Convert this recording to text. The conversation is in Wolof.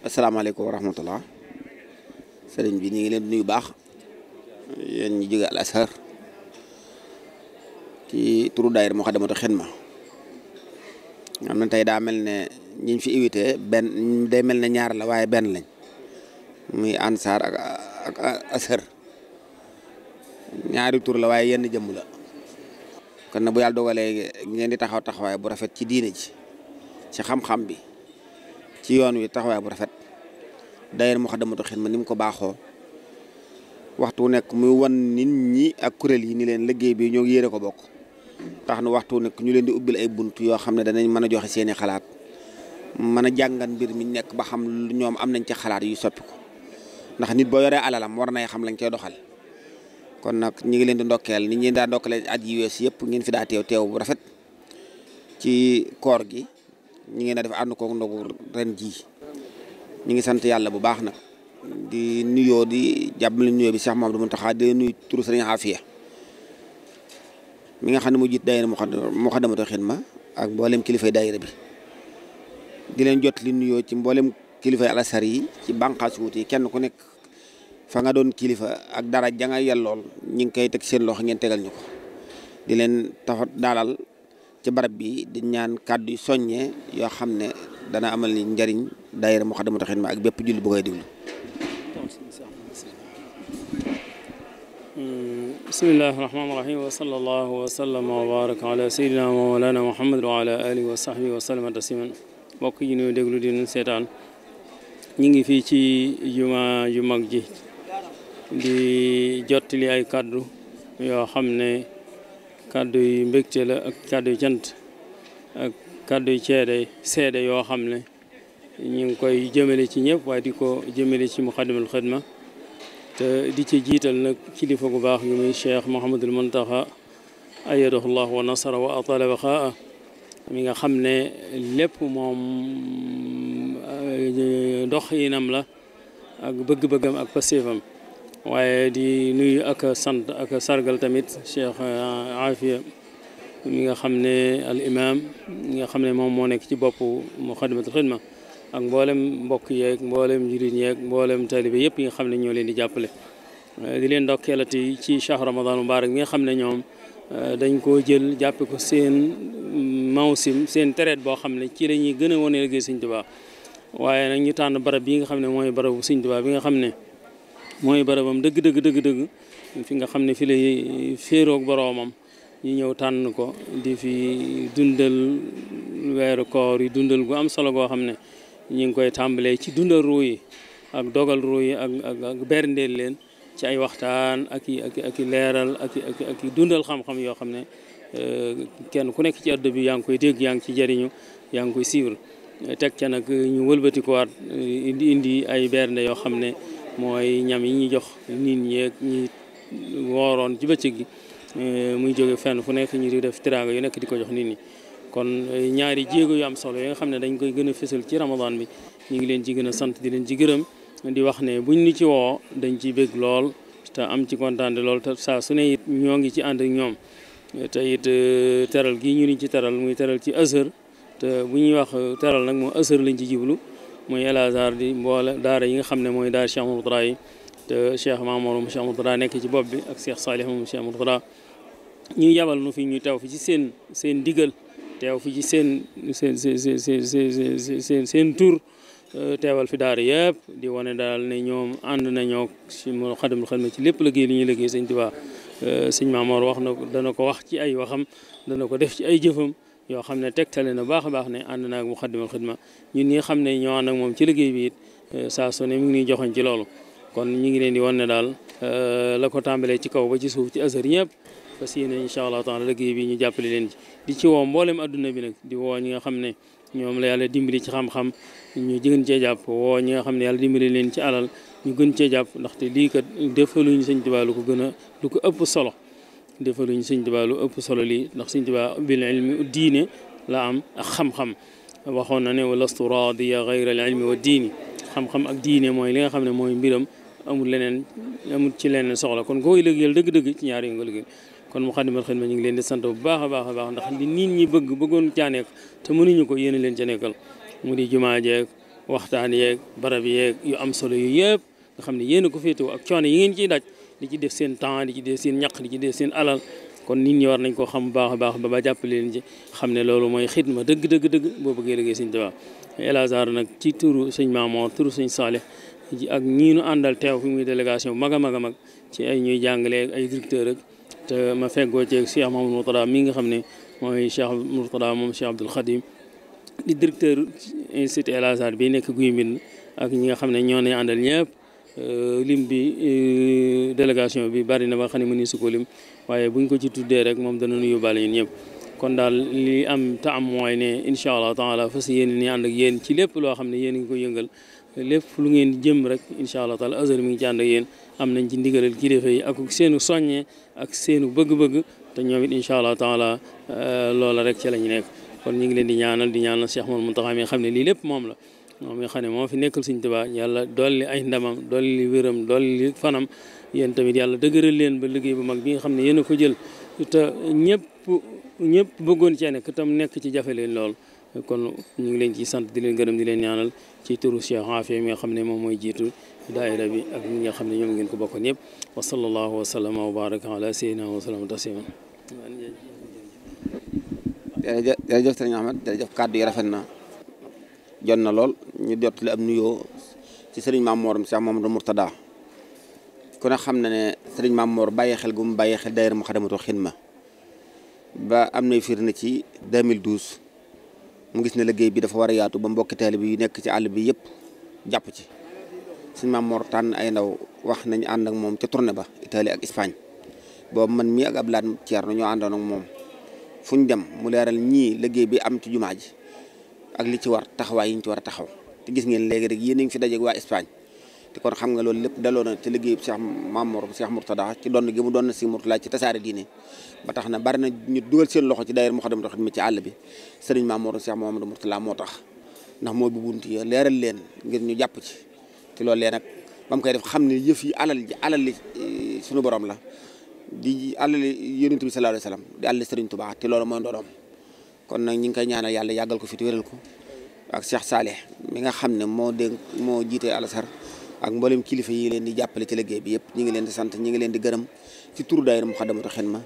asalaamaaleykum wa rahmatullah sëriñ bi ñu ngi leen di nuyu baax yéen ñu jóge al ashar ci turu daayir moo xadamatu xidma am na tey daa mel ne ñiñ fi invité benn day mel ne ñaar la waaye benn lañ muy ansaar ak ak ñaari tur la waaye yenn jëmm la kon na bu yàlla dogalee ngeen di taxaw taxawaay bu rafet ci diine ji ci xam-xam bi ci yoon wi taxawaay bu rafet daayira Moukhaddamatoul Khidma ma mu ko baaxoo waxtu nekk muy wan nit ñi ak kuréel yi ni leen liggéey bi ñoo yére ko bokk tax na waxtu nekk ñu leen di ubbil ay bunt yoo xam ne danañ mën a joxe seeni xalaat mën a jàngat mbir mi nekk ba xam ñoom am nañ ci xalaat yu soppi ko ndax nit boo yoree alalam war nay xam lañ koy doxal kon nag ñu ngi leen di ndokkeel ni ñu leen daa ndokkale at yi wees yëpp ngeen fi daa teew teew bu rafet ci koor gi ñi ngeen a def ànd koog ndogu ren jii ñu ngi sant yàlla bu baax nag di nuyoo di jàpp jàppale nuyoo bi Cheikh Mamadou Mountakha di nuyu turu Serigne Afia mi nga xam ne mu jiit daayira Moukhaddamatoul ma ak mboolem kilifay daayira bi di leen jot li nuyoo ci mboolem kilifay alasar yi ci bànqaas suut yi kenn ku nekk fa nga doon kilifa ak dara janga nga yellool ñu ngi koy teg seen loxo ngeen tegal ñu ko di leen tafa daalal ci barab bi di ñaan kàddu yu soññee yoo xam ne dana amal ni njariñ daayira Moukhaddamatoul Khidma ak bépp julli bu koy déglu bismillahi rahmaani wa sallallahu wa sallama wa baraka ala sayyidina wa mawlana muhammad wa ala wa sahbihi wa sallama tasliman mbokk yi ñuy déglu di seetaan ñu ngi fi ci juma ju mag di jottali ay kàddu yoo xam ne kàddu yu mbégte la ak kàddu yu ak kàddu yu ceede seede yoo xam ne ñu ngi koy jëmale ci ñëpp waaye di ko jëmale ci Muxaddamatul Xidma te di ci jiital nag kilifa gu baax gi muy Cheikh Mouhamadul Muntaxa ayadahu llah wa nasara wa atala baqaa mi nga xam ne lépp moom euh, dox la ak bëgg-bëggam ak pasifam waaye di nuyu ak sant ak sargal tamit Cheikh euh, Afia mi nga xam ne al imam mi nga xam ne moom moo nekk ci bopp Moukhaddamatoul Khidma ak mboolem mbokk yeek mboolem jullit yeeg mboolem taalibe yëpp yi nga xam ne ñoo leen di jàppale euh, di leen ndokkeelati ci Cheikh Ramadan Mubarak nga xam ne ñoom euh, dañ ko jël jàppe ko seen mawsim seen tereet boo xam ne ci la ñuy gën a wane liggéey Sëñ Tuubaa waaye nag tànn barab bi nga xam ne mooy barabu Sëñ Tuubaa bi nga xam ne mooy barabam dëgg dëgg dëgg dëgg fi nga xam ne fi lay féeroog boroomam ñu ñëw tànn ko di fi dundal weer koor yi dundal gu am solo goo xam ne ñu ngi koy tàmbalee ci dundal ruu yi ak dogal ruu yi ak ak ak leen ci ay waxtaan ak i ak ak leeral ak i dundal xam-xam yoo xam ne euh, kenn ku nekk ci addu bi yaa koy dégg yaa ngi ci jariñu yaa koy suivre teg ca nag ñu wëlbatikuwaat euh, indi ay bernde yoo xam ne mooy ñam yi ñu jox nit ñi ak ñi wooroon ci bëccëg gi eh, muy jóge fenn fu nekk ñu di def tiraanga yu nekk di ko jox nit ñi kon eh, ñaari jéego yu am solo yi nga xam ne dañ koy gën a fësal ci ramadan bi ñu ngi leen ci gën a sant di leen ci gërëm di wax ne buñ ñu ci woo dañ ciy bég lool te am ci kontaan lool te saa su ne it ñoo ngi ci ànd ñoom te it eh, teral gi ñu ni ci teral muy teral ci asar te bu ñuy wax teral nag moom asar lañ ci jiblu muy El Azhar di mboole daara yi nga xam ne mooy daara Cheikh Mourtada yi te Cheikh Mamour mu Cheikh Mourtada nekk ci bopp bi ak Cheikh Salih mu Cheikh Mourtada ñuy yabal nu fi ñu teew fi ci seen seen digal teew fi ci seen seen seen seen seen seen tur euh, teewal fi daara yëpp di wane daal ne ñoom ànd nañoo si mu xadamul xel ci lépp liggéey li ñuy liggéey sëñ Tuubaa euh, sëñ wax na dana ko wax ci ay waxam dana ko def ci ay jëfam yoo xam ne tegtale na baax a baax ne ànd naag Muxaddamatul Xidma ñun ñi xam ne ñoo ànd ak moom ci liggéey bi it euh, saa su ne mu ngi ñuy joxoñ ci loolu kon ñu ngi leen di wan ne daal euh, la ko tàmbalee ci kaw ba ci suuf ci asar ñëpp parce que yéen incha allah taala liggéey bi ñu jàppale leen ci di ci woo mboolem adduna bi nag di woo nga xam ne ñoom la yàlla dimbali ci xam-xam ñu gën cee jàpp woo ñi nga xam ne yàlla dimbali leen ci alal ñu gën cee jàpp ndaxte a defaluñ sëñ Tuubaa lu ëpp solo lii ndax sëñ bil diine la am ak xam-xam waxoon na ne wa lastu raadiya gayra al ilmi wa diini xam-xam ak diine mooy li nga xam ne mooy mbiram amul leneen amul ci leneen soxla kon kooy liggéeyal dëgg-dëgg ci ñaar yu nga liggéeyal kon Moukhaddamatoul Khidma ñu ngi leen di sant bu baax a baax a baax ndax li nit ñi bëgg bëggoon caa nekk te mënuñu ko yéen leen ca nekkal mu di jumaa jeeg waxtaan yeeg barab yeeg yu am solo yu yëpp nga xam ne yéen a ko di ci def seen temps di ci def seen ñaq di ci def seen alal kon nit ñi war nañ koo xam bu baax a baax ba ba jàppale leen xam ne loolu mooy xidma dëgg dëgg dëgg boo bëggee liggéey sëñ Tuubaa El Hadj nag ci turu sëñ Maamoor turu sëñ Saalix ji ak ñii nu àndal teew fi muy délégation mag a mag a ci ay ñuy jàngale ay directeur rek te ma feggoo ci Cheikh Mahamadou Mourtada mii nga xam ne mooy Cheikh Mourtada moom Cheikh Abdoul Khadim di directeur institut El Hadj bi nekk Guy Mbind ak ñi nga xam ne ñoo nañ àndal ñëpp. Euh, lim bi euh, délégation bi bari na ba xam ne mënuñu su ko lim waaye buñ ko ci tuddee rek moom danañu yóbbaale ñun ñëpp kon daal li am te mooy ne incha allah taala fas yéene ni ànd ak yéen ci lépp loo xam ne yéen a ngi ko yëngal lépp lu ngeen jëm rek incha allah taala Azhar mi ngi ci ànd ak yéen am nañ ci ndigalal kilifa yi ak seenu soññe ak seenu bëgg-bëgg te ñoo it incha allah taala euh, loola rek ci la ñu nekk kon ñu ngi leen di ñaanal di ñaanal Cheikh Mouhamed Mountakha moom mi xam ne moo fi nekkal Sëñ Tuubaa yàlla dolli ay ndamam dolli wéram dolli fanam yéen tamit yàlla dëgëral leen ba liggéey bu mag bi nga xam ne yéen a ko jël te ñëpp ñëpp bëggoon cee nekk tam nekk ci jafe leen lool kon ñu ngi leen ci sant di leen gërëm di leen ñaanal ci turu Cheikh Afia mi nga xam ne moom mooy jiitu daayira bi ak ñi nga xam ne ñoom ngeen ko bokkoon yëpp wa sallallahu wa sallama wa baraka ala sayyidina wa sallam tasliman jërëjëf sëriñ Ahmad jërëjëf kàddu yi rafet na jot na lool ñu jot jottali am nuyoo ci sëriñ Maam Mor Cheikh Mamadou Mourtada ku ne xam na ne sëriñ Maam Mor bàyyi xel gu mu bàyyi xel daayira Moukhaddamatoul Khidma ba am na nay na ci 2012 mu gis ne liggéey bi dafa war a yaatu ba mbokki bi yu nekk ci àll bi yëpp jàpp ci sëriñ Maam tànn ay ndaw wax nañ ànd ak moom ca tournée ba Italie ak Espagne boobu man mii ak Abdoulaye Thierno ñoo àndoon ak moom fu ñu dem mu leeral ñii liggéey bi am ci jumaa ji ak li ci war taxawaay yi ñu ci war a taxaw te gis ngeen léegi rek yéen a ngi fi dajeeg waa Espagne te kon xam nga loolu lépp daloo na ci liggéeyu Cheikh Mamour Cheikh Mourtada ci donn gi mu doon si Mourtada ci tasaare diine ba tax na bari na ñu dugal seen loxo ci daayira Moukhaddamatoul Khidma ci àll bi sëriñ Mamour Cheikh Mamadou Mourtada moo tax ndax moo bu bunt leeral leen ngir ñu jàpp ci te loolu lee nag ba mu koy def xam ne yëf yi alal ji alal eh, suñu borom la di alal yonent bi sallallahu alayhi wasallam di alal sëriñ Tuubaa te loolu mooy ndonoom kon nag ñu ngi koy ñaanal yàlla yàggal ko fi te ko ak Cheikh saale mi nga xam ne moo dénk moo jiite Alasar ak mboolem kilifa yi leen di jàppale ci bi yëpp ñu ngi leen di sant ñu ngi leen di gërëm ci turu daayira Moukhaddamatoul ma